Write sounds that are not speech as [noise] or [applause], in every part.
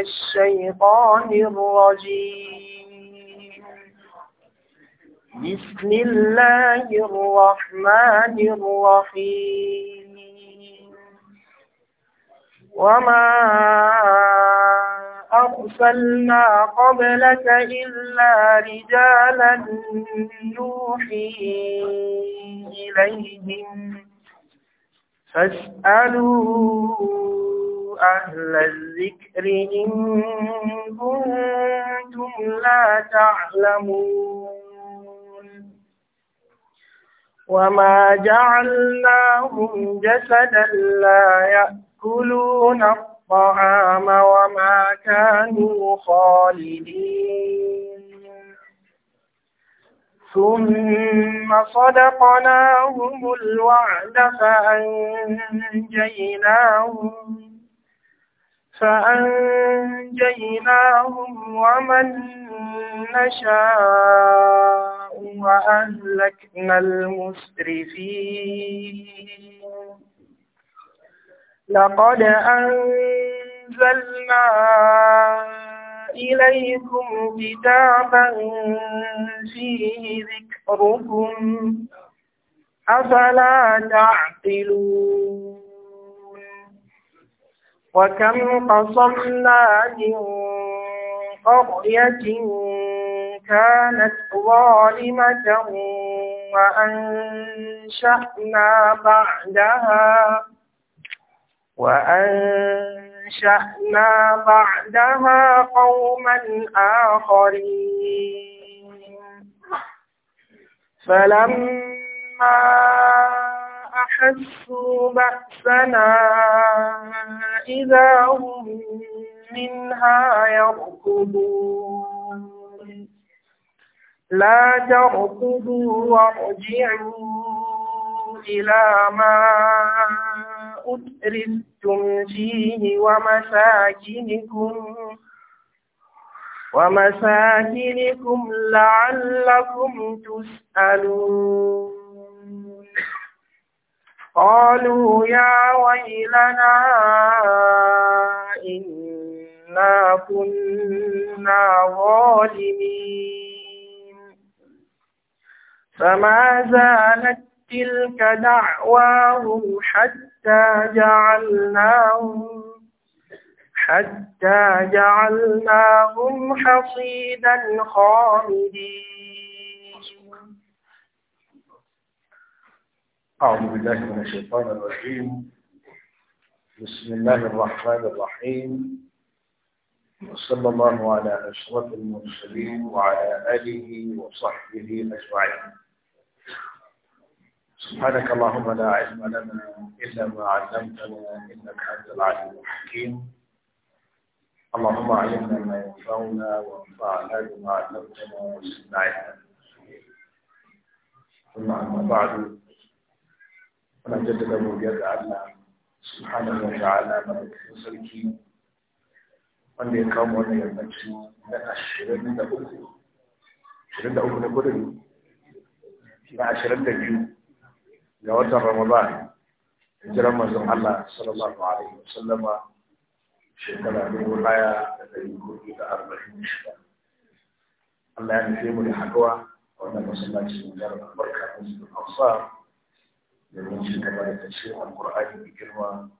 الشيطان الرجيم بسم الله الرحمن الرحيم وما أرسلنا قبلك إلا رجالا نوحي إليهم فاسألوا أهل الذكر إن كنتم لا تعلمون وما جعلناهم جسدا لا يأكلون الطعام وما كانوا خالدين ثم صدقناهم الوعد فأنجيناهم فأنجيناهم ومن نشاء وأهلكنا المسرفين لقد أنزلنا إليكم كتابا فيه ذكركم أفلا تعقلون وكم قصمنا من قرية كانت ظالمة وأنشأنا بعدها وأنشأنا بعدها قوما آخرين فلما أحسوا بأسنا إذا هم منها يركضون لا تركضوا وارجعوا إلى ما أترفتم فيه ومساكنكم ومساكنكم لعلكم تسألون قالوا يا ويلنا إنا كنا ظالمين فما زالت تلك دعواهم حتى جعلناهم حتى جعلناهم حصيدا خامدين أعوذ بالله من الشيطان الرجيم بسم الله الرحمن الرحيم وصلى الله على أشرف المرسلين وعلى آله وصحبه أجمعين سبحانك اللهم لا علم لنا إلا ما علمتنا إنك أنت العليم الحكيم اللهم علمنا ما ينفعنا وانفعنا بما علمتنا وزدنا علما ثم أما بعد muna jaddada godiya ga Allah subhanahu wa ta'ala madaukakin sarki wanda ya kawo wani yammaci na ashirin da uku ashirin da uku na gudun na ashirin da biyu ga watan ramadan jiran mazan Allah sallallahu alaihi wa sallama shekara dubu ɗaya da ɗari hudu da arba'in shida Allah ya nufi mu da haɗuwa a wannan masallaci mai jarabar barka da zuwa domin ci gaba da tafsirin alkur'ani mai girma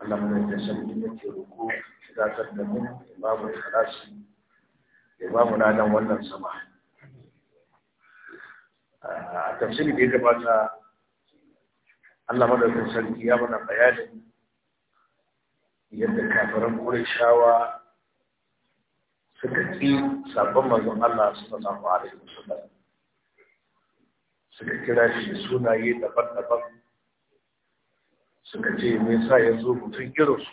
Allah mai da sarki yake roko zatar da mu ba mu ikhlasi ya ba mu nan wannan sama a tafsirin da ya gabata Allah madaukakin sarki ya mana bayani yadda kafiran shawa suka ƙi sabon manzon Allah sallallahu alaihi wasallam suka kira shi sunaye daban-daban suka ce me sa ya zo mutum irinsu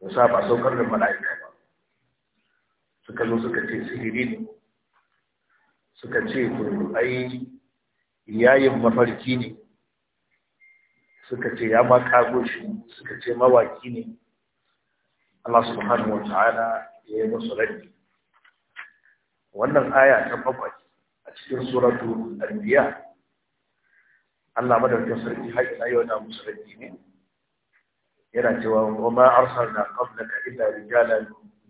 ya sa ba saukar da mala'ika ba suka zo suka ce sihiri ne suka ce ai yayin mafarki ne suka ce ya ma kago shi suka ce mawaki ne Allah subhanahu wa ta'ala ya yi musu rabi wannan aya ta bakwai cikin suratu al-biya Allah madaukakin sarki har ina yau na musulunci ne yana cewa wa ma arsalna qablaka illa rijalan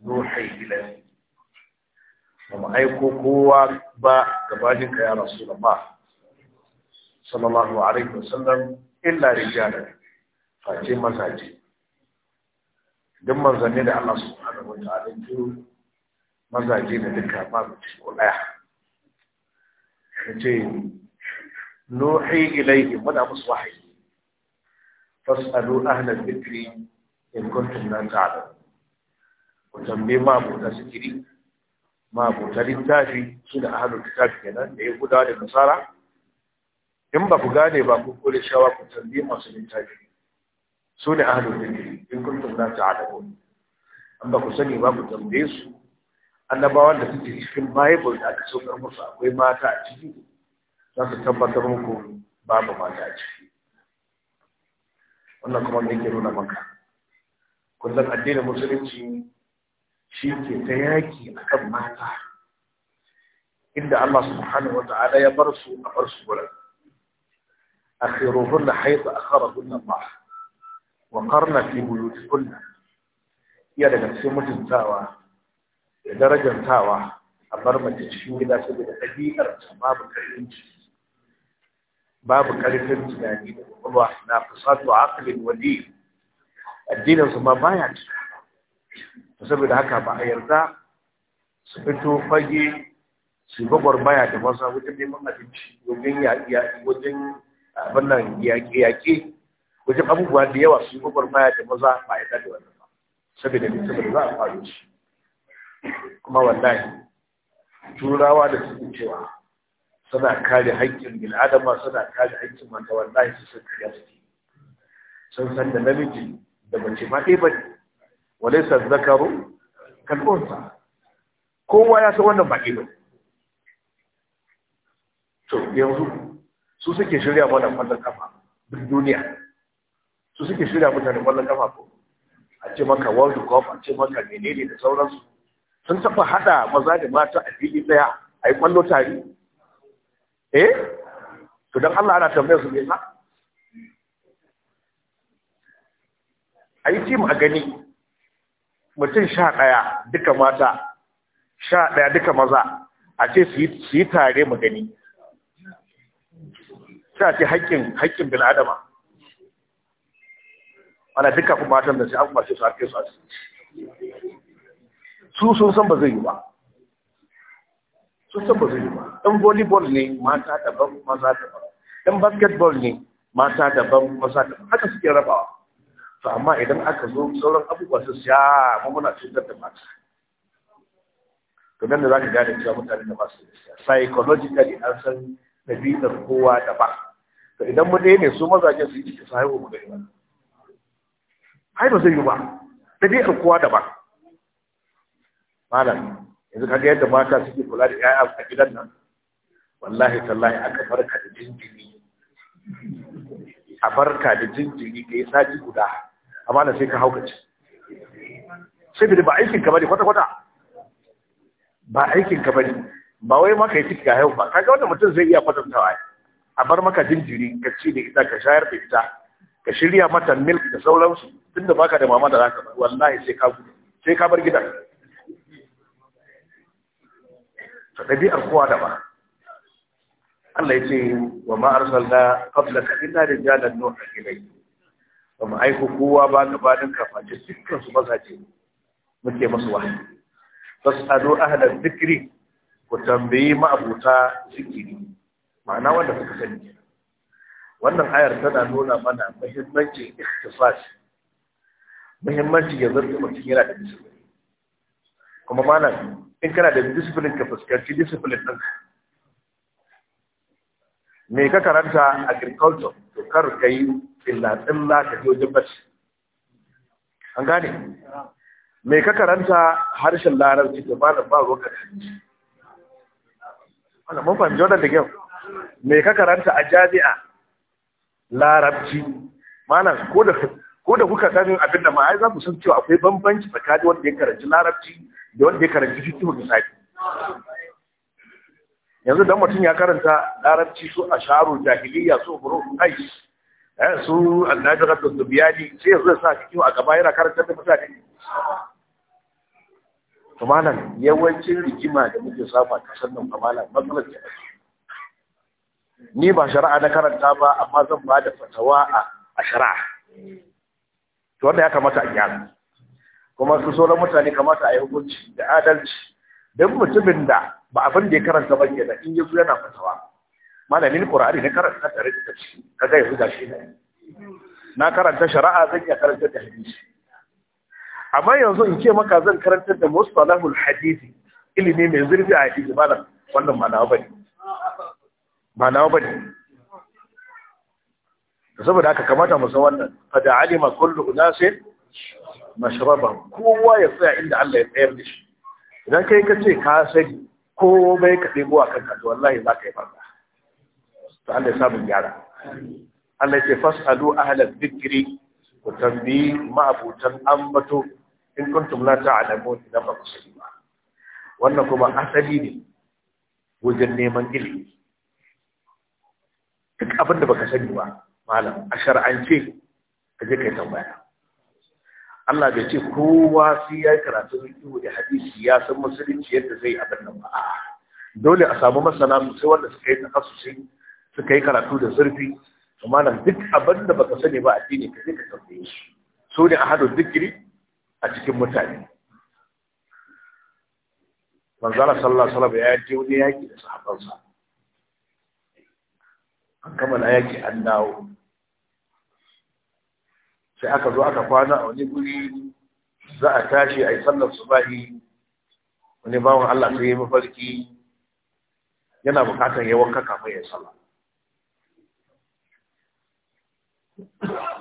nuhi ilayhi ba mu aiko kowa ba gabanin ka ya rasulullah sallallahu alaihi wasallam illa rijalan face mazaje duk manzanni da Allah subhanahu wa ta'ala mazaje da duka ba su ko daya ce nuhi ilaihim muna musu wahayi fasalu ahlal dhikri in kuntum la ta'lamun ku tambaye ma abota zikiri ma abota littafi su da ahlul kitab kenan da ya yahudawa da nasara in ba ku gane ba ku kore shawa ku tambaye masu littafi su ne ahlul dhikri in kuntum la ta'lamun an ba ku sani ba ku tambaye su annabawan da suke cikin bible da aka saukar musu akwai mata a ciki za su tabbatar muku babu mata a ciki wannan kuma da yake nuna maka kullum addinin musulunci shi ke ta yaki kan mata inda Allah subhanahu wa ta'ala ya bar su a bar su wurin akhiruhunna haythu nan ba wa karna fi buyutikunna iya daga cikin mutuntawa da darajantawa a bar mace cikin gida saboda ɗabi'ar ta babu karfin babu karfin tunani da kwakwalwa na fasatu aqlin wadi addinin su ma baya ta saboda haka ba a yarda su fito fage su gwagwar baya da wasa wajen neman abinci wajen yaƙi wajen abin nan yaƙe-yaƙe wajen abubuwa da yawa su gwagwar baya da maza ba a yarda da wannan ba saboda mutum da za a faru shi kuma wallahi turawa da suke cewa suna kare haƙƙin bil'adama suna kare haƙƙin mata wallahi su sun kariya suke sun san da namiji da mace ma ɗaya ba ne wale sa zakaru kalbonsa kowa ya san wannan baƙi ba to yanzu su suke shirya mana kwallon kafa duk duniya su suke shirya mutane kwallon kafa ko a ce maka world cup a ce maka menene da sauransu sun taɓa haɗa maza da mata a fili ɗaya a yi ƙwallo tare eh to don Allah ana tambayar su nesa a yi tim a gani mutum sha ɗaya duka mata sha ɗaya duka maza a ce su yi tare mu gani sha ce haƙƙin bin adama ana duka kuma matan da sai an kwashe su a kai su su sun san ba zai yi ba sun san ba zai yi ba dan volleyball ne mata daban maza daban dan basketball ne mata daban maza daban haka suke rabawa to amma idan aka zo sauran abubuwa su sha mu muna cutar da mata to nan da za ka gane cewa mutane da masu psychologically an san ɗabi'ar kowa da ba to idan mu dai ne su mazaje su yi ciki su mu da ba Ai ba zai yi ba ɗabi'ar kowa da ba malam yanzu ka ga yadda mata suke kula da ƴaƴa a gidan nan wallahi tallahi aka farka da jinjiri a farka da jinjiri ka yi sati guda amma da sai ka haukace da ba aikin ka bane kwata-kwata ba aikin ka bane ba wai ka yi ciki ga haihu ba kaga wanda mutum zai iya kwatantawa a bar maka jinjiri ka ci da ita ka shayar da ita ka shirya mata milk da sauransu tunda baka da mama da zaka wallahi sai ka sai ka bar gidan ta ɗabi'ar kowa da ba Allah ya ce wa ka arsalna qablaka illa rijalan nuha ilayhi ba mu aiko kowa ba gabanin kafaci dukkan su mazaje muke masu wahayi fasalu ahla dhikri ku tambayi ma'abuta zikiri ma'ana wanda suka sani wannan ayar tana nuna mana muhimmancin ikhtisas muhimmancin yanzu mutum yana da musulmi kuma mana in kana da discipline ka fuskanci discipline ɗin me ka karanta agriculture to kar ka yi tsilla tsilla ka je wajen bacci an gane me ka karanta harshen larabci to malam ba ruwa ka wannan mun fahimci wannan da kyau me ka karanta a jami'a larabci malam ko da ko da kuka san abin da ma ai za ku san cewa akwai bambanci tsakanin wanda ya karanci larabci da wanda ya karanci da misali yanzu dan mutum ya karanta larabci su sharu jahiliya su furu kai eh su annabi rabbu dubiyani sai yanzu sa fiqh a gaba yana karanta da mutane to malam yawancin rigima da muke samu ta sannan nan malam matsalar ke ni ba shari'a na karanta ba amma zan ba da fatawa a shari'a to wanda ya kamata a yi kuma su sauran mutane kamata a yi hukunci da adalci don mutumin da ba abin da ya karanta ba ke da in yi yana fatawa malamin ƙura'ani na karanta tare da tafi, ka ga yanzu gashi ne na karanta shari'a zan iya karanta da hadisi amma yanzu in ce maka zan karanta da mustalahul hadisi ilimi mai zurfi a hadisi malam wannan ba ne bane ba ne. saboda haka kamata mu san wannan fa da alima kullu unasin mashraba kowa ya tsaya inda Allah ya tsayar da shi idan kai ka ce ka sani komai ka ɗebo a kanka to wallahi za ka yi farka to Allah ya samu gyara Allah ce fas'alu ahla dhikri ku tambayi ma'abutan ambato in kuntum la ta'lamun idan ba ku sani ba wannan kuma asali ne wajen neman ilimi duk abin da baka sani ba malam a shar'ance ka je kai tambaya Allah bai ce kowa sai ya yi karatu ihu da hadisi ya san musulunci yadda zai abin nan ba dole a samu masana sai wanda suka yi sai suka yi karatu da zurfi amma nan duk abin da baka sani ba addini ka zai ka tambaye shi so ne a hadu zikiri a cikin mutane manzala sallallahu alaihi wasallam ya je wani yaki da sahabbansa an kammala yaki an dawo sai aka zo aka kwana a wani guri za a tashi a yi sallar subahi wani bawan Allah sai ya mafarki yana bukatar ya wanka kafin ya sallah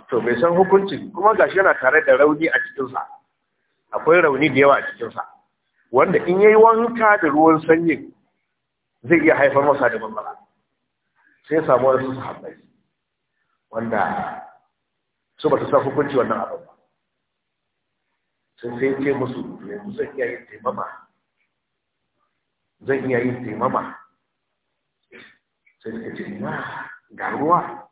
to bai san hukunci kuma gashi yana tare da rauni a cikinsa akwai rauni da yawa a cikinsa wanda in yayi wanka da ruwan sanyi zai iya haifar masa da matsala sai samu wasu sahabbai wanda su ba su sa hukunci wannan abin ba sun sai ce musu yanzu zan iya yin taimama zan iya yin taimama sai suka ce na ga ruwa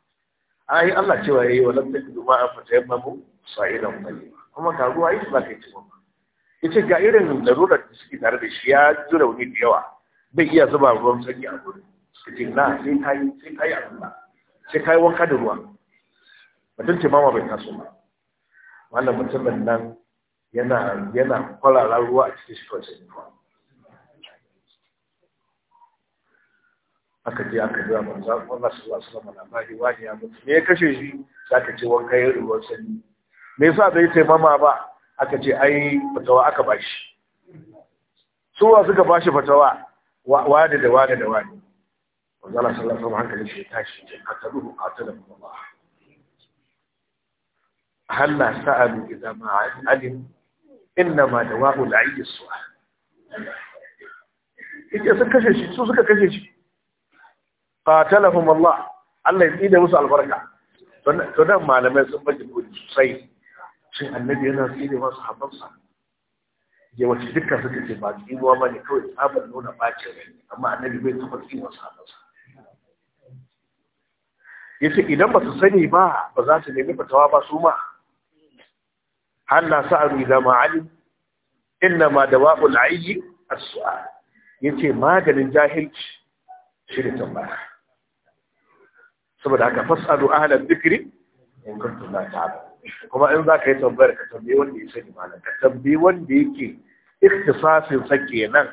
ai Allah cewa yayi wa lam tajidu ma an fatayammamu sa'idan tayyiba kuma ga ruwa yi ba kai taimama yace ga irin larurar da suke tare da shi ya jira wani da yawa bai iya zuba ruwan sanyi a gurin suka ce na sai kai sai kai Allah sai kai wanka da ruwa batun cimama bai taso ba wannan mutumin nan yana yana kwarara ruwa a cikin shi aka je aka jira manzo Allah su alaihi wasallam labari wani ya mutu me ya kashe shi Za ka ce wanka ya ruwan sanyi me yasa bai taimama ba aka ce ai fatawa aka bashi wa suka bashi fatawa wani da wani da wani manzo Allah sallallahu alaihi wasallam hankali shi tashi ka tabu ka tabu Allah halla sa'alu إذا ما علم إنما ma العي al إذا su'al ita sun kashe shi su suka kashe shi qatalahum Allah Allah ya tsida يسمى albarka to nan malamai sun سيد kodi sosai shin annabi yana tsida masu habansa ya wace dukkan suka ce ba tsinuwa ba ne kawai tsabar nuna bacin rai amma annabi bai taɓa wasu ya ce idan ba su sani ba ba za su nemi fatawa ba su ma Allah sa'alu idan ma'alim inna ma da wa'ul ayi a su'a ya ce maganin jahilci shi ne tambaya saboda haka fasalu ahalar zikiri in kuntum na ta'lam kuma in za ka yi tambayar ka tambayi wanda ya sani malam ka tambayi wanda yake ikhtisasin sa nan.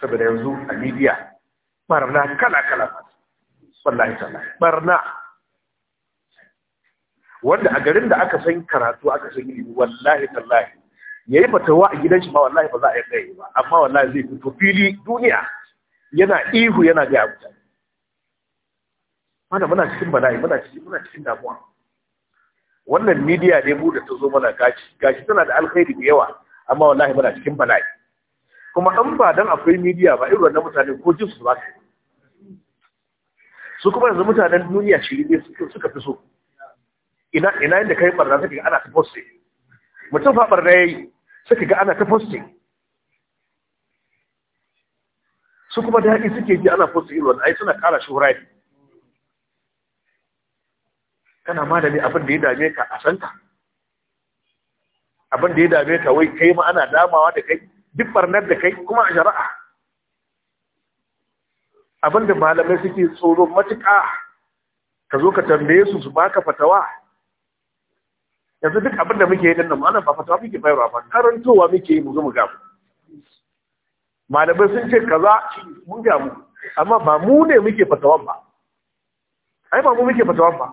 saboda yanzu a media barna kala kala wallahi ta'ala barna wanda a garin da aka san karatu aka san ilimi wallahi tallahi yayi fatawa a gidan shi ma wallahi ba za a yi tsaye ba amma wallahi zai fito fili duniya yana ihu yana ga abu mana muna cikin bala'i muna cikin muna cikin damuwa wannan media ne mu da ta zo mana gashi gashi tana da alkhairi da yawa amma wallahi muna cikin bala'i kuma an ba dan akwai media ba irin wannan mutane ko jin su ba su kuma yanzu mutanen duniya shiri ne suka fi so ina ina inda kai barna suka ga ana ta posting mutum fa barna yayi suka ga ana ta posting su kuma daɗi suke ji ana posting irin wannan ai suna ƙara shuhura ne kana malami abin da ya dame ka a santa abin da ya dame ka wai kai ma ana damawa da kai duk barnar da kai kuma a shari'a abin da malamai suke tsoro matuƙa ka zo ka tambaye su su baka fatawa yanzu duk abin da muke yi dinnan malam ba fatawa muke bayarwa ba karantowa muke yi mu zo mu gamu malamai sun ce kaza mun gamu amma ba mu ne muke fatawa ba ai ba mu muke fatawa ba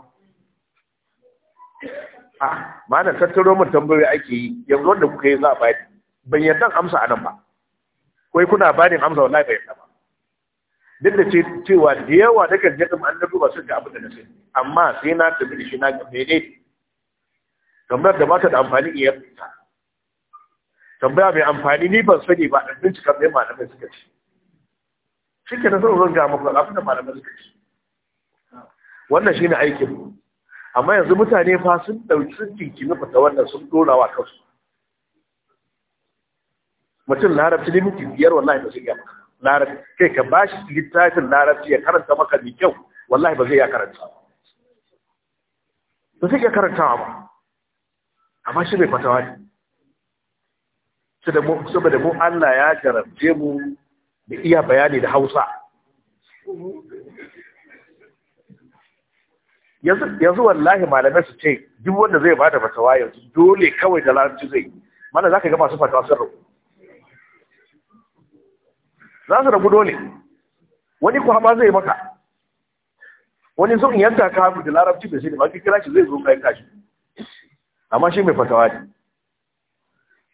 a ah, malam tattaro mun tambayoyi ake yi yanzu wanda kuka yi za a bayar ban yarda amsa anan ba kai kuna bani amsa wallahi ban yarda ba duk da cewa da yawa daga jadin annabi ba su ga abin da na sai amma sai na tafi da shi na ga menene tambayar da ba ta da amfani iya ta. tambaya mai amfani ni ban sani ba ɗan bincika mai malamai suka ce shi ke da son ga mafi abin da malamai suka ce wannan shi ne aikin amma yanzu mutane fa sun ɗauki sun jinkimi fata wannan sun dora wa kansu mutum larabci ne miki biyar wallahi ba zai iya maka larabci kai ka ba shi littafin larabci ya karanta maka mai kyau wallahi ba zai iya karanta ba zai iya karantawa ba amma shi mai fatawa ne saboda mu Allah ya jarabce mu da iya bayani da Hausa yanzu wallahi malamai su ce duk wanda zai bada fatawa yanzu dole kawai da lanci zai mana za ka gama su fata sun za su rabu dole wani kuwa ba zai maka wani zo in yanta ka da larabci da shi da ba kira shi zai zo kayan kashi amma shi mai fatawa ne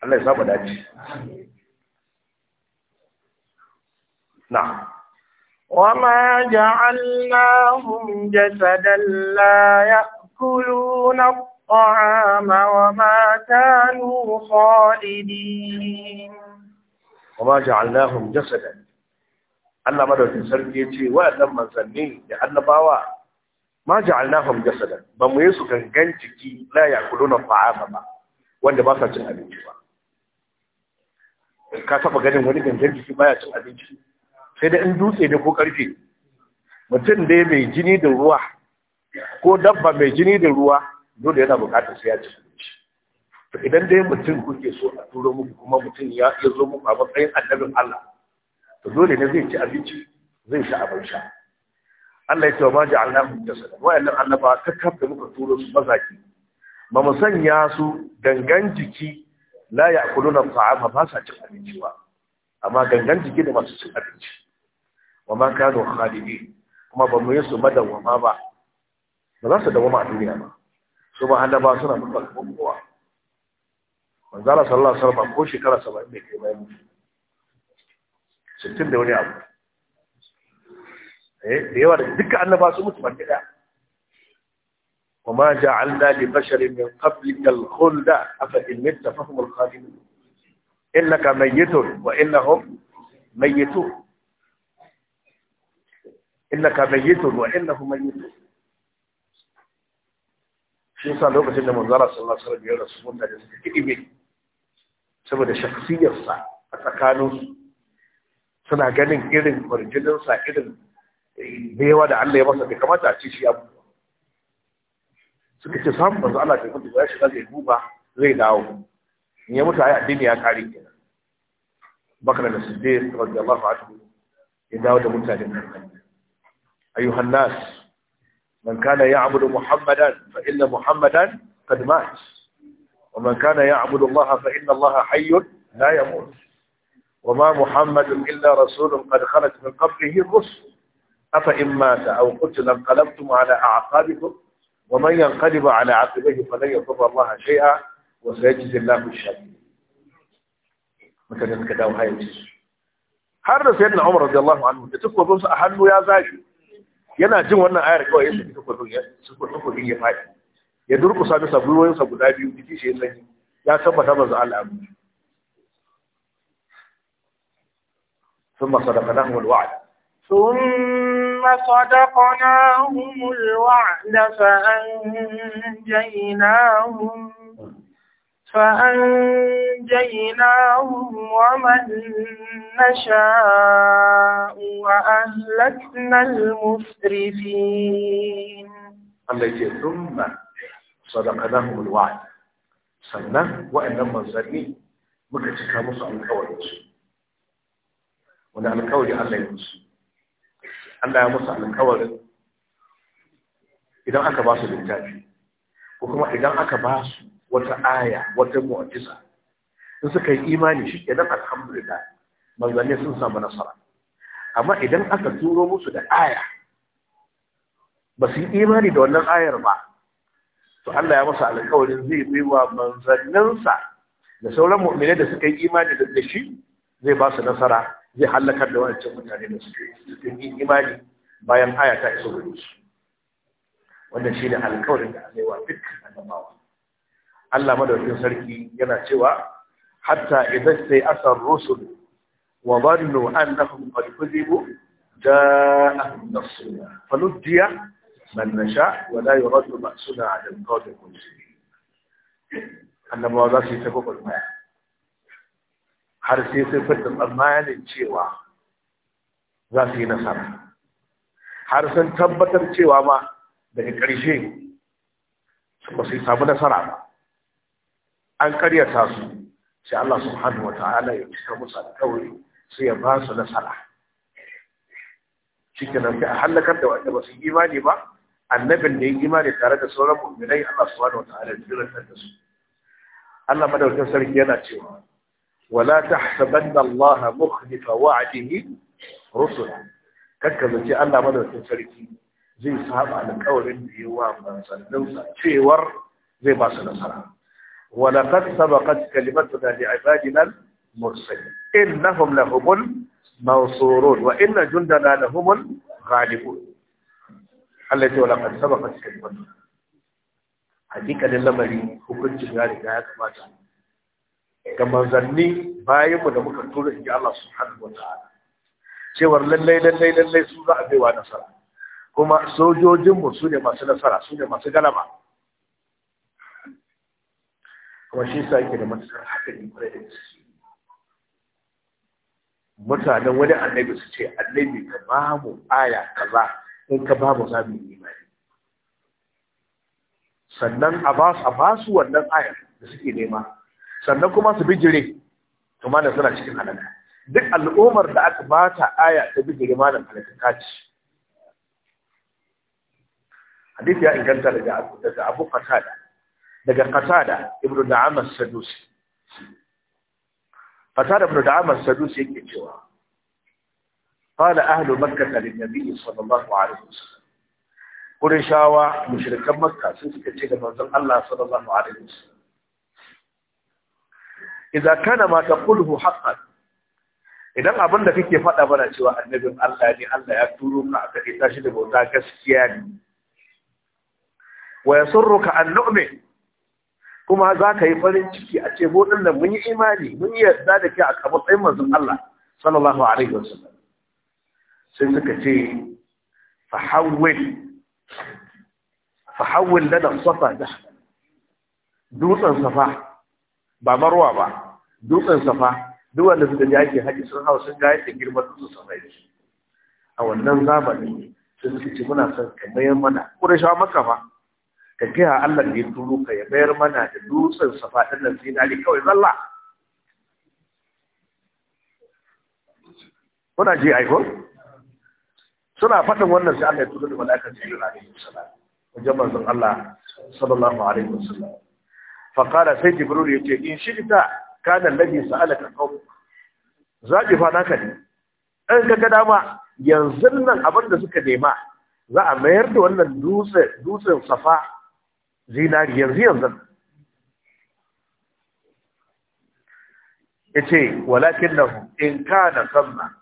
Allah ya saba dace na وما جعلناهم جسدا لا يأكلون الطعام وما كانوا خالدين وما جعلناهم جسدا Allah madaukin sarki ya ce wa manzanni da annabawa ma ja'alnahum jasadan ba mu yesu gangan jiki la yakuluna fa'ama ba wanda ba sa cin abinci ba ka taba ganin wani gangan jiki baya cin abinci sai da in dutse ne ko karfe mutum dai mai jini da ruwa ko dabba mai jini da ruwa dole yana bukatar sai ya ci abinci idan dai mutum kuke so a turo muku kuma mutum ya zo muku a matsayin annabin Allah to dole ne zai ci abinci zai sha abin sha Allah ya ce ma ja'alnahum jasada Allah annaba ta kafa muka turo su mazaki ba mu sanya su gangan jiki la ya'kuluna ta'ama ba sa cin abinci ba amma gangan jiki da masu cin abinci wa ma kanu khalidi kuma ba mu yi su madawama ba ba za su dawama a duniya ba su ba annaba suna mutuwa kuma kowa manzala sallallahu alaihi wasallam ko shekara 70 ne kai bayan mutu 60 da wani abu Eh, da yawa da dukkan annaba su mutu baki daya وما جعلنا لبشر من قبلك الخلد أفإن مت فهم الخالدون إنك ميت وإنهم ميتون إنك ميت وإنهم ميتون shi sa lokacin da manzara sallallahu alaihi wasallam ya rasu wanda da suka kidibe saboda shakhsiyarsa a tsakanin suna ganin irin kwarjinin sa irin baiwa da Allah ya masa bai kamata a ce shi abu suka ce samun manzo Allah ta mutu ya shiga zai duba zai dawo ya mutu yi addini ya kare kenan bakar da siddiq radiyallahu anhu ya dawo da mutanen nan ayyuhan nas man kana abudu muhammadan fa inna muhammadan qad mat ومن كان يعبد Allah, فإن الله حي لا يموت وما محمد إلا رسول قد خلت من قبله الرسل أفإن مات أو قتل انقلبتم على أعقابكم ومن ينقلب على عقبيه فلن يضر الله شيئا وسيجزي الله الشاكرين mutanen ka dawo hayyaci har da sayyidina Umar radiyallahu anhu da takobin sa a hannu ya zashi yana jin wannan ayar kawai yasa take takobin ya takobin ya fadi ya durkusa bisa gwiwoyin sa guda biyu jiki shi sai ya tabbata manzo Allah abu ثم صدقناه الوعد ثم صدقناهم الوعد فأنجيناهم فأنجيناهم ومن نشاء وأهلكنا المسرفين التي ثم صدقناهم الوعد سنة وإن لم نزلني مكتشكا مصر من كوالي ونعم كوالي الله يمسي Allah ya musu alkawarin idan aka ba su littafi ko kuma idan aka ba su wata aya wata mu'jiza in suka yi imani shi kenan alhamdulillah manzanni sun samu nasara amma idan aka turo musu da aya ba su yi imani da wannan ayar ba to Allah ya musu alkawarin zai yi wa manzanninsa da sauran mu'minai da suka yi imani da shi zai ba su nasara zai hallakar da wancan mutane da suke yi imani bayan aya ta iso gare shi ne shine alƙawarin da Allah ya dukkan annabawa Allah madaukin sarki yana cewa hatta idan sai asar rusul wa dhannu annahum qad kuzibu ja'ahum nasruna fanudiya man nasha wa la yuradu ba'suna 'ala al-qawmi annabawa za su yi ta gwagwarmaya har sai sun fita tsammanin cewa za su yi nasara har sun tabbatar cewa ma daga ƙarshe ba su samu nasara ba an karyata su sai Allah subhanahu wata'ala ya cika musu alƙawari sai ya ba su nasara Cikin nan sai a hallakar da wanda ba su imani ba annabin da ya imani tare da sauran mu'minai Allah subhanahu wata'ala ya tsira da su Allah madaukakin sarki yana cewa wala tahsabanna Allah mukhlifa wa'dihi rusula kakka zace Allah madaukakin sarki zai saba alƙawarin da yawa manzanninsa cewar zai ba su nasara ولقد سبقت كلمتنا لعبادنا المرسلين إنهم لهم المنصورون وإن جندنا لهم الغالبون التي ولقد سبقت كلمتنا حقيقة hukuncin ya riga ya kamata. ga manzanni bayanmu da muka tura in ji Allah subhanahu wa ta'ala cewar lallai lallai lallai su za a baiwa nasara kuma sojojinmu su ne masu nasara su ne masu galaba kuma shi sa yake da matuƙar hakan kwarai da gaske mutanen wani annabi su ce annabi ka ba mu aya kaza in ka ba mu za mu yi imani sannan a ba su wannan aya da suke nema sannan kuma su bijire to malam suna cikin halaka duk al'ummar da aka ba ta aya ta bijire malam halaka kaci ci hadisi ya inganta daga daga Abu Qatada daga Qatada ibn Da'am as-Sadusi Qatada ibn Da'am as-Sadusi yake cewa qala ahlu makkah lin-nabi sallallahu alaihi wasallam Qurayshawa mushrikan Makka sun suka ce ga manzon Allah sallallahu alaihi wasallam idza kana ma taquluhu haqqan idan abin da kake faɗa bana cewa annabin Allah ne Allah ya turo ka aka ita shi da bauta gaskiya ne wa yasurruka an nu'min kuma za ka yi farin ciki a ce bodin nan mun yi imani mun yi yarda da ke a sai manzon Allah sallallahu alaihi wasallam sai suka ce fa hawwil fa hawwil lana safa dutsen safa ba marwa ba dutsen safa duk wanda suka ji ake haji sun hau sun ga yadda girman dutsen safa yake a wannan zamani sun suka ce muna son ka mayar mana ƙurashawa maka fa ka gaya Allah da ya turo ka ya mayar mana da dutsen safa ɗin nan sai kawai zalla kuna ji aiko suna faɗin wannan sai Allah ya turo da mala'ikar jibril alaihi salam wajen manzon Allah sallallahu alaihi wasallam faƙara sai jibril ya ce in shigita kana lalli sa'ala ka kawo zaɓi fa ka ne In ka ga dama yanzu nan abin da suka nema za a mayar da wannan dutsen safa zinari yanzu yanzu ya ce walakin na in kana sanna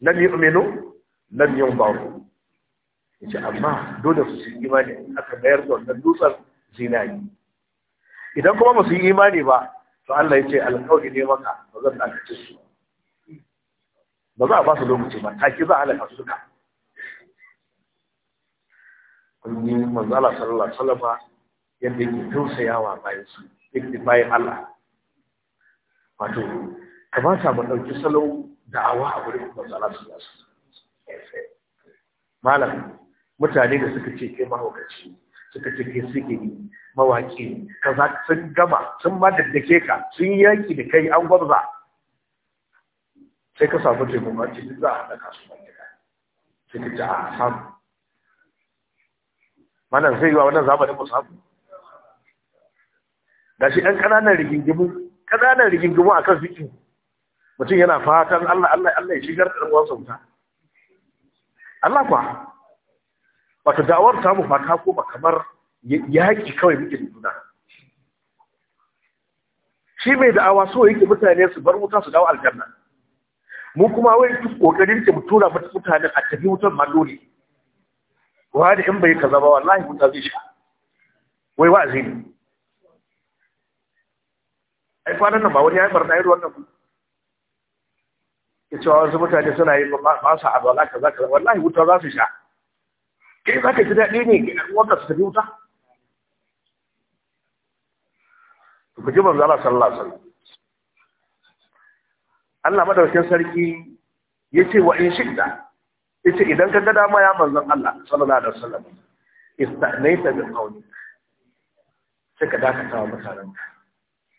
lam yu'minu lam yunbaru ya ce amma dole su yi imani aka mayar da wannan dutsen zinari idan kuma ba su yi imani ba to Allah ya ce alƙawari ne maka ba zan dakace su ba za a ba su lokaci ba take za a halaka su duka kun yi manzo Allah sallallahu alaihi wasallam yadda yake tausayawa bayan su yake bayan Allah wato kamata mu ɗauki salo da'awa a wurin manzo Allah sallallahu alaihi wasallam malam mutane da suka ce kai mahaukaci suka ce ke suke yi mawaƙi ka sun gama sun ma dake ka sun yaki da kai an gwabza sai ka samu taimakon ce duk za a haɗa kasuwan gida sai ka ce a ah, samu mana zai yi wa wannan zamanin mu samu da shi ɗan ƙananan rigingimu ƙananan rigingimu a kan fikin mutum yana fatan Allah Allah Allah ya shigar da ɗan uwansa wuta Allah kuwa wato da'awar samu ba ta koma kamar yaki kawai muke da juna shi mai da'awa so yake mutane su bar wuta su dawo aljanna mu kuma wai duk kokarin ke mu tura mata mutane a tafi wutar ma dole da in bai kaza ba wallahi wuta zai sha wai wa'azi ne ai kwanan nan ba wani ya yi barna irin wannan ya cewa wasu mutane suna yi ba su alwala kaza kaza wallahi wuta za su sha kai za ka ji daɗi ne ga uwarka su tafi wuta ku ji manzala Allah sallallahu alaihi wasallam Allah madaukakin sarki ce wa in shidda ce idan ka ga dama ya manzan Allah sallallahu alaihi wasallam istanaita bi qawli sai ka dakata wa mutanen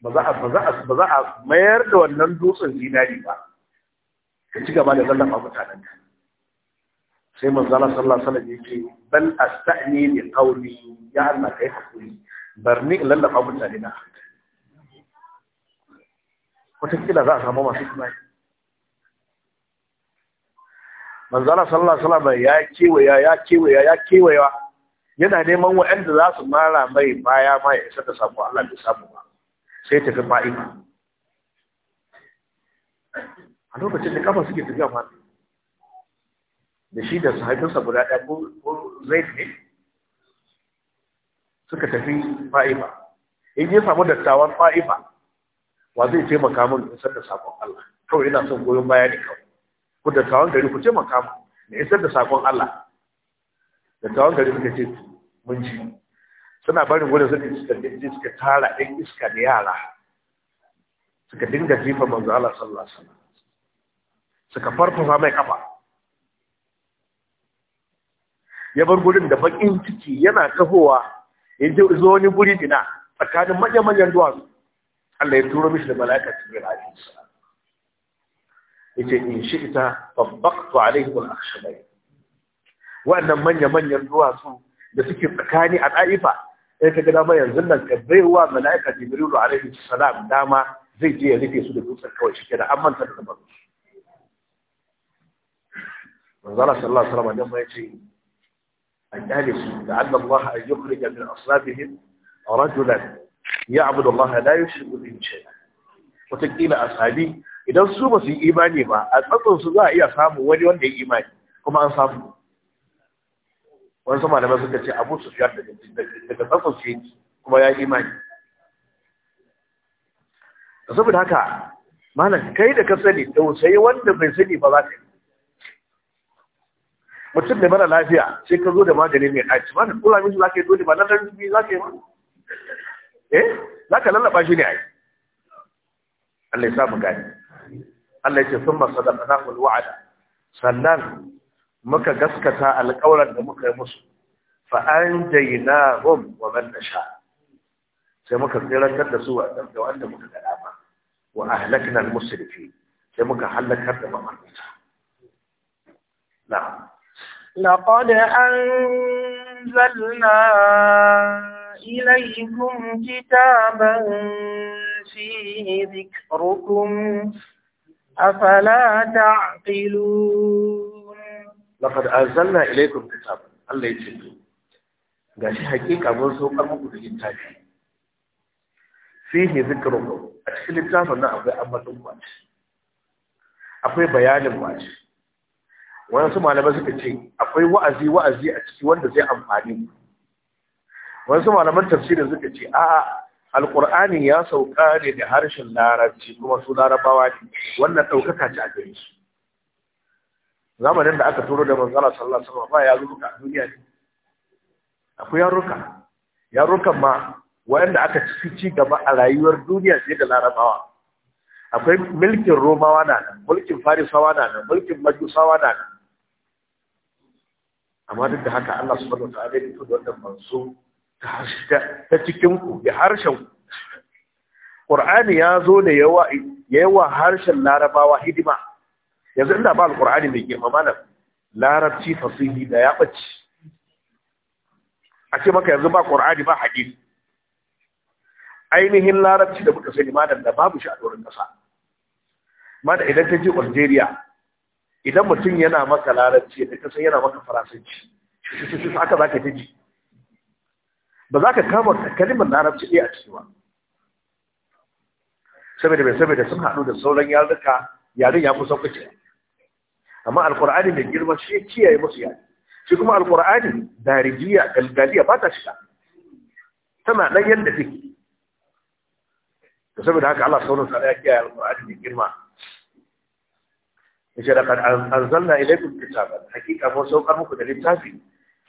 ba za a ba za a ba za a mayar da wannan dutsen zinari ba ka ci gaba da zallafa mutanen ka sai manzala sallallahu alaihi wasallam yake bal astani bi qawli ya Allah kai hakuri barni lallafa mutane na wataƙila za a samu masu tunani manzala sallallahu alaihi wasallam ya kewaya ya kewaya ya kewaya yana neman waɗanda za su mara mai baya ma ya isa da samu Allah bai samu ba sai tafi fa'ida a lokacin da kafa suke tafiya ma da shi da haifinsa guda ɗaya ko zai fi suka tafi fa'ifa in ya samu dattawan fa'ifa wa zai taimaka min in san da saƙon Allah kawai ina son goyon baya ne kawai ku dattawan gari ku taimaka makamun na isar da saƙon Allah dattawan gari suka ce mun ji suna barin wurin suka suka suka tara ɗan iska da yara suka dinga jifa manzo Allah sallallahu alaihi wasallam suka farfafa mai kafa ya bar gurin da bakin ciki yana tahowa ya je zo wani guri dina tsakanin manya-manyan duwatsu Allah ya turo mishi da malaka cikin rajin sa yace in shi ita tabbaqtu alaihi wal akhshabay wannan manya-manyan duwatsu da suke tsakani a ɗa'ifa sai ka ga dama yanzu nan ka baiwa malaka jibrilu alaihi salam dama zai je ya rufe su da dutsen kawai shi kenan an manta da zaman manzala sallallahu alaihi wasallam dan ya ce a kyale su da Allah Allah a yukhrija min asrafihim rajulan ya'budu Allah la yushriku bihi shay'a wataƙila ashabi idan su ba su yi imani ba a tsatson su za a iya samu wani wanda ya imani kuma an samu wani sama da ce abu su fiye daga tsatson su kuma ya imani saboda haka malam kai da ka sani tausayi wanda bai sani ba za ka yi mutum ne mara lafiya sai ka zo da magani mai ɗaci ba da kula mishi za ka yi dole ba na rarrabi za ka yi ba. eh za ka lallaɓa shi ne a yi Allah ya samu gani Allah ya ce sun masu da manahul wa'ada sannan muka gaskata alƙawaran da muka yi musu fa an na hum wa da sha. sai muka tsirantar da su da wanda muka ga dama wa a halakinan musrifin sai muka halakar da mamarta na'am لقد أنزلنا إليكم كتابا فيه ذكركم أفلا تعقلون لقد أنزلنا إليكم كتابا الله يتبعون gashi hakika mun saukar muku da littafi fihi zikrukum a cikin littafin nan akwai ambaton kwaci akwai bayanin kwaci wasu malamai suka ce akwai wa'azi wa'azi a ciki wanda zai amfani wasu malaman tafsirin suka ce a'a alqur'ani ya sauka ne da harshen larabci kuma su larabawa ne wannan daukaka ce a gare su zamanin da aka turo da manzala sallallahu alaihi wasallam ba ya zuka a duniya ne akwai yaruka yarukan ma wanda aka ci ci gaba a rayuwar duniya sai da larabawa akwai mulkin romawa na nan mulkin farisawa na nan mulkin majusawa na nan amma duk da haka Allah subhanahu wataala ya fito da wannan manzo ta cikin ku da harshen ku Qur'ani ya zo da yawa yawa harshen Larabawa hidima yanzu inda ba Al-Qur'ani mai girma malam Larabci fasihi da ya bace a ce maka yanzu ba Qur'ani ba hadisi ainihin Larabci da muka sani malam da babu shi a doron kasa malam idan ka je Algeria idan mutum yana maka larabci da san yana maka faransanci shi [laughs] aka za ka ta ji ba za ka kama kalimar larabci ɗaya a ciki ba saboda mai saboda sun haɗu da sauran yaruka yarin ya kusan kuce amma alkur'ani mai girma shi kiyaye musu yari shi kuma alkur'ani darijiya galgaliya ba ta shiga tana ɗan yadda fi saboda haka Allah sauran sa ya kiyaye alkur'ani mai girma yace laqad anzalna ilaykum kitaban hakika mun saukar muku da littafi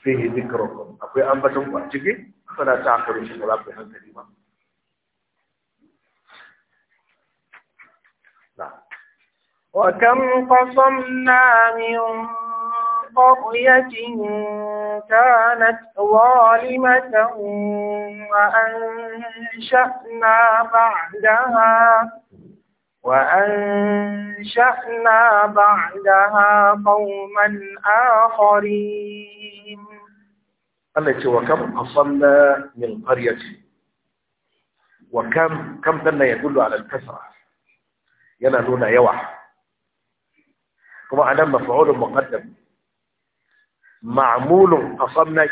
fihi dhikrukum akwai ambaton ku a ciki fala na shi ba ku hankali ba وكم قصمنا من قرية كانت ظالمة وأنشأنا بعدها وأنشأنا بعدها قوما آخرين التي وكم أصلنا من قرية وكم كم دلنا يدل على الكسرة ينالون يوح كما أنا مفعول مقدم معمول قصمنا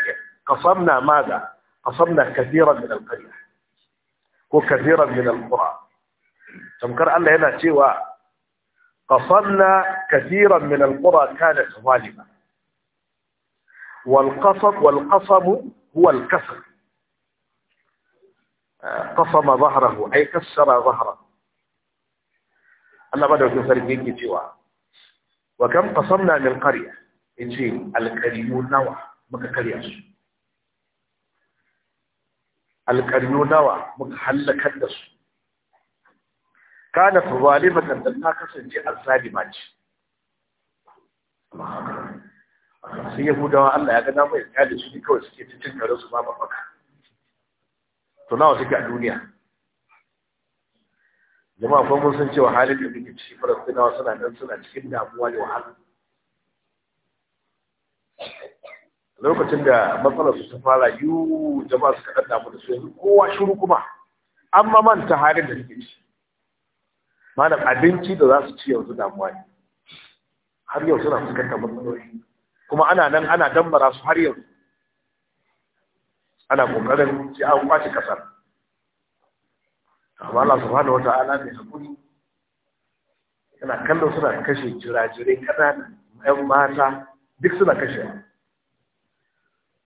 قصمنا ماذا؟ قصمنا كثيرا من القرية وكثيرا من القرى tamkar Allah yana cewa qasanna kaseeran min alqura kanat zalima wal qasab wal qasam huwa al kasr qasama dhahrahu ay kassara dhahrahu Allah madaukin sarki yake cewa wa kam qasamna min qarya yace alqariyu nawa muka karya su alqariyu nawa muka halakar da su kana fa zalimatan da ta kasance a tsari ce sai yahudawa Allah ya ga na mai kyale su kawai suke cikin kare su ba baka to nawa suke a duniya jama'a ko mun san cewa halin da muke ciki suna nan suna cikin damuwa da wahala lokacin da matsalar su ta fara yiwu jama'a suka kaɗan damu da su yanzu kowa shiru kuma an mamanta halin da suke ciki malam abinci da za su ci yanzu damuwa ne har yau suna fuskantar matsaloli kuma ana nan ana dambara su har yau ana kokarin sai an kwace kasar amma Allah subhanahu wata'ala mai hakuri yana kallon suna kashe jirajirai kanana ƴan mata duk suna kashe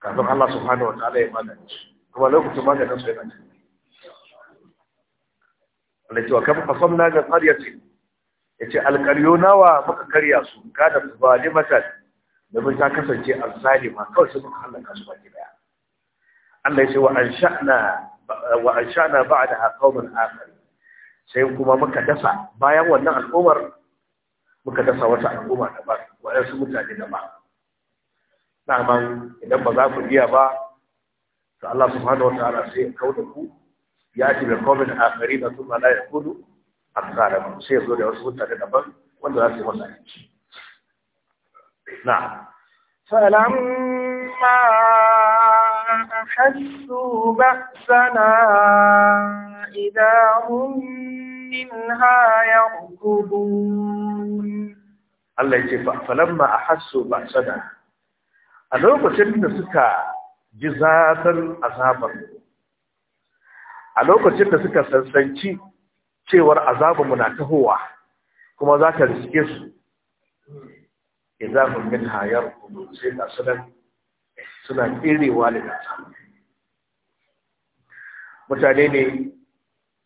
kafin Allah subhanahu wata'ala ya magance kuma lokacin maganin su yana cikin wanda cewa kan fasam na ga ƙaryace ya ce alƙaryo nawa muka karya su kada su ba ne mata domin ta kasance a zalima kawai su muka hallaka su baki daya Allah ya ce wa an sha'na ba da haƙaunin akari sai kuma muka dasa bayan wannan al'ummar muka dasa wata al'umma da ba su mutane da ba na idan ba za ku iya ba to Allah subhanahu wa ta'ala sai ya kauda ku ya ci da komin akari da sun mala ya kudu a tsara sai zo da wasu mutane daban wanda za su yi masa aiki na فلما أحسوا بأسنا إذا هم منها يركضون Allah ya ce falamma ahassu ba'sana a lokacin da suka ji zafin azabar a lokacin da suka sansanci cewar azabinmu na tahowa kuma za ta riske su idan min hayar kudu sai ga sunan suna kerewa da nasa mutane ne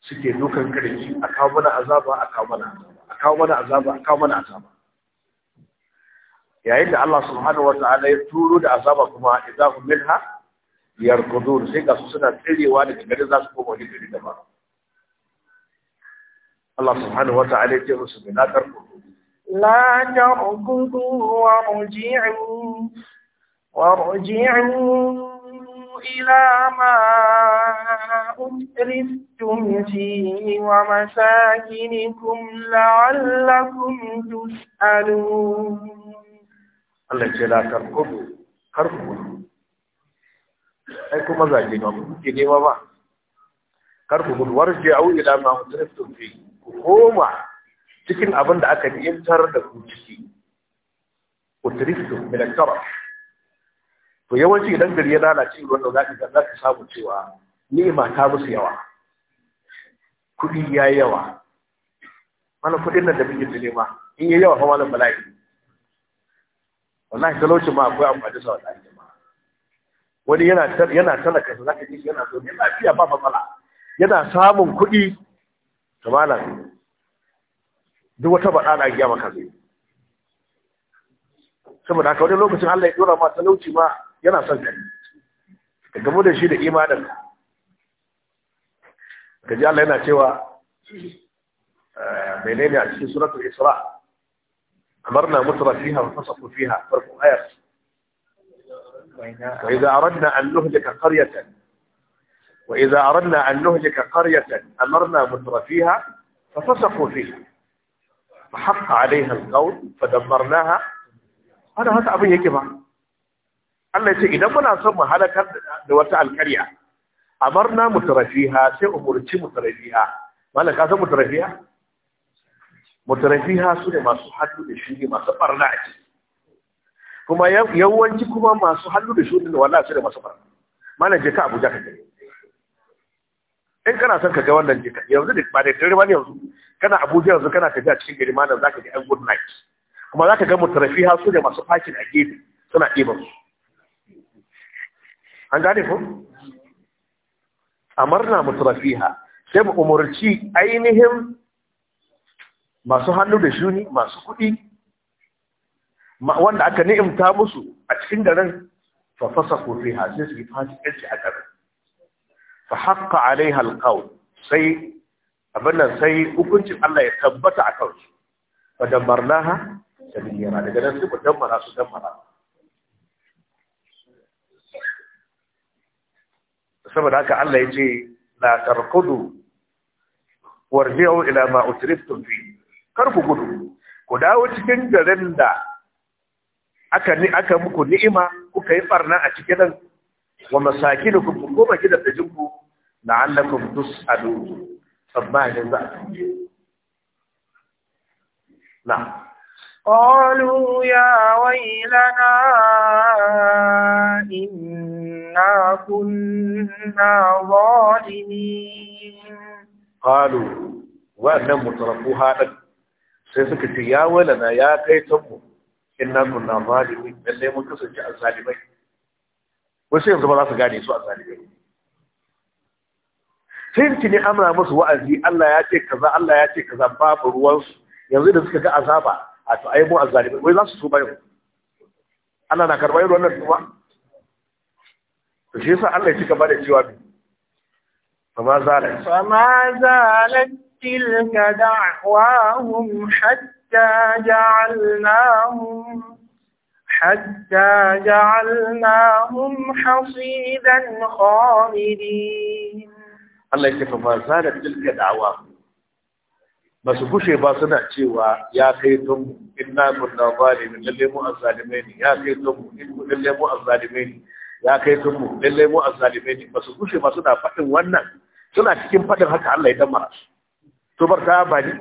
suke dukan kirki a kawo mana azaba a kawo mana azaba a kawo mana azaba a kawo mana azaba yayin da Allah subhanahu wa ta'ala ya turo da azaba kuma idan minha يركضون زي قصص سنة تلي وانا تمرد ناس قوموا هي تريد ما الله سبحانه وتعالى يقول سبحانه لا تركضوا لا تركضوا وارجعوا وارجعوا إلى ما أترفتم فيه ومساكنكم لعلكم تسألون الله يقول لا تركضوا تركضوا ai kuma zage ba ku kuke nema ba kar ku gudu ji au ila ma mutariftum fi ku koma cikin abin da aka nimtar da ku ciki ku tariftu min al-karah to yawanci idan gari ya lalace wanda za ka za ka samu cewa ma ta musu yawa kuɗi ya yi yawa mana kuɗin nan da muke da nema in yi yawa fa malam bala'i wallahi talauci ma akwai amfani sa wallahi wani yana yana talaka da zaka ji yana so yana fiya ba matsala yana samun kuɗi malam duk wata bada na giya maka zai saboda haka wani lokacin Allah ya dora ma talauci ma yana son ka ka gamu da shi da imanin ka ji Allah yana cewa eh, menene a cikin suratul isra amarna fiha wa fasaku fiha farko ayat وإذا أردنا أن نهلك قرية وإذا أردنا أن نهلك قرية أمرنا مطر فيها ففسقوا فيها فحق عليها القول فدمرناها أنا هذا أبي يكبع أنا سيدي إذا منا صم هلك دوات القرية أمرنا مطر فيها سأمر تي مطر فيها ما لك هذا مطر فيها مطر فيها سنة ما سحاته kuma yawanci kuma masu hannu da shudin wallahi su da masu fara mana je ka Abuja ka gani in kana son ka ga wannan je ka yanzu da ba da dare ba yanzu kana Abuja yanzu kana tafiya cikin gari malam zaka ga an good night kuma zaka ga mutarafi har su da masu fakin a gefe suna ɗiban su an gane ko amarna ha sai mu umurci ainihin masu hannu da shuni masu kuɗi wanda aka ni'imta musu a cikin garin fa fasaku fiha sai su yi fasikanci a garin fa haqqa alaiha alqawl sai abin nan sai hukuncin Allah ya tabbata a kansu fa dambarnaha tadmira daga nan suka dammara su dammara saboda haka Allah ya ce la tarkudu warji'u ila ma utriftum fi kar ku gudu ku dawo cikin garin da aka ni aka muku ni'ima kuka yi barna a cikin nan wa masakinukum kuma kida tajinku la'allakum tusalu sabbahin za na qalu ya waylana inna kunna zalimin qalu wa annam mutarafu hada sai suka ce ya waylana ya kai tabbu inna kunna zalimin lalle mun kasance zalimai wasu yanzu ba za su gane su zalimai sai ne amra musu wa'azi Allah ya ce kaza Allah ya ce kaza babu ruwansu yanzu da suka ga azaba a to ai mu zalimai wai za su tuba yau Allah na karɓar wannan tuba to shi yasa Allah ya ci gaba da cewa ma فما زالت ma زالت تلك دعواهم حتى جعلناهم حتى جعلناهم حصيدا خالدين الله يكفى ما زالت تلك دعواهم ba su gushe ba suna cewa ya kai tun inna kunna zalimin lalle mu a azzalimai ne ya kai tun mu in lalle mu azzalimai ne ya kai tun mu lalle mu a azzalimai ne ba su gushe ba suna faɗin wannan suna cikin faɗin haka Allah ya damara su tubar ta bani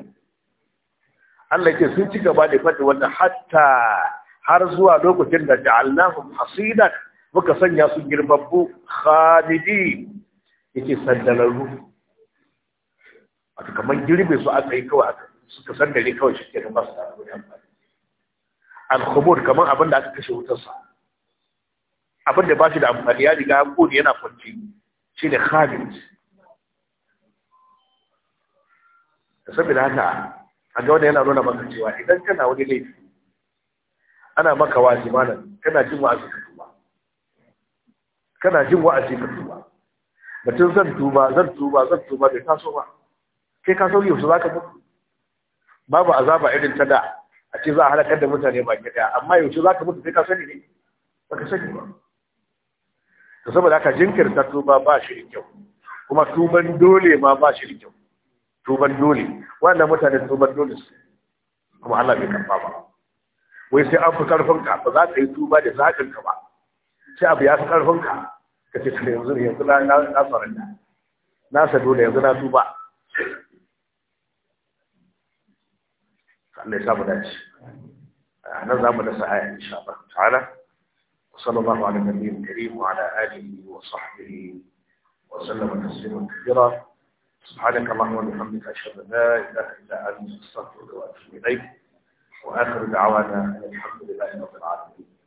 Allah yake sun ci gaba da faɗi wanda hatta har zuwa lokacin da ja'alnahum hasidan muka sanya su girbabbu khalidi yake sandalarru wato kamar girbe su aka yi kawai suka sandare kawai shi ke da masu da amfani al-khumur kamar abin da aka kashe wutarsa abin da ba shi da amfani ya riga gode yana kwanci shi ne khalid saboda haka a ga wanda yana nuna maka cewa idan kana wani laifi ana maka wa'azi jimanan kana jin wa'azi ka tuba kana jin wa'azi ka tuba mutum zan tuba zan tuba zan tuba bai taso ba kai ka sauke za ka mutu babu azaba irin ta da a ce za a halakar da mutane ba gida amma yaushe ka mutu sai ka sani ne Ba ka sani ba to saboda haka jinkirta tuba ba shi da kyau kuma tuban dole ma ba shi da kyau tuban dole wannan mutane tuban dole su kuma Allah bai karba ba wai sai an fi karfin ka ba za ka yi tuba da zaɓin ka ba sai abu ya fi karfin ka ka ce tare yanzu yanzu na na na sa dole yanzu na tuba Allah ya samu dace nan za mu dasa aya insha Allah ta'ala صلى الله على النبي الكريم وعلى وصحبه وسلم تسليما كثيرا سبحانك اللهم وبحمدك أشهد أن لا إله إلا أنت أستغفرك وأتوب إليك وآخر دعوانا الحمد لله رب العالمين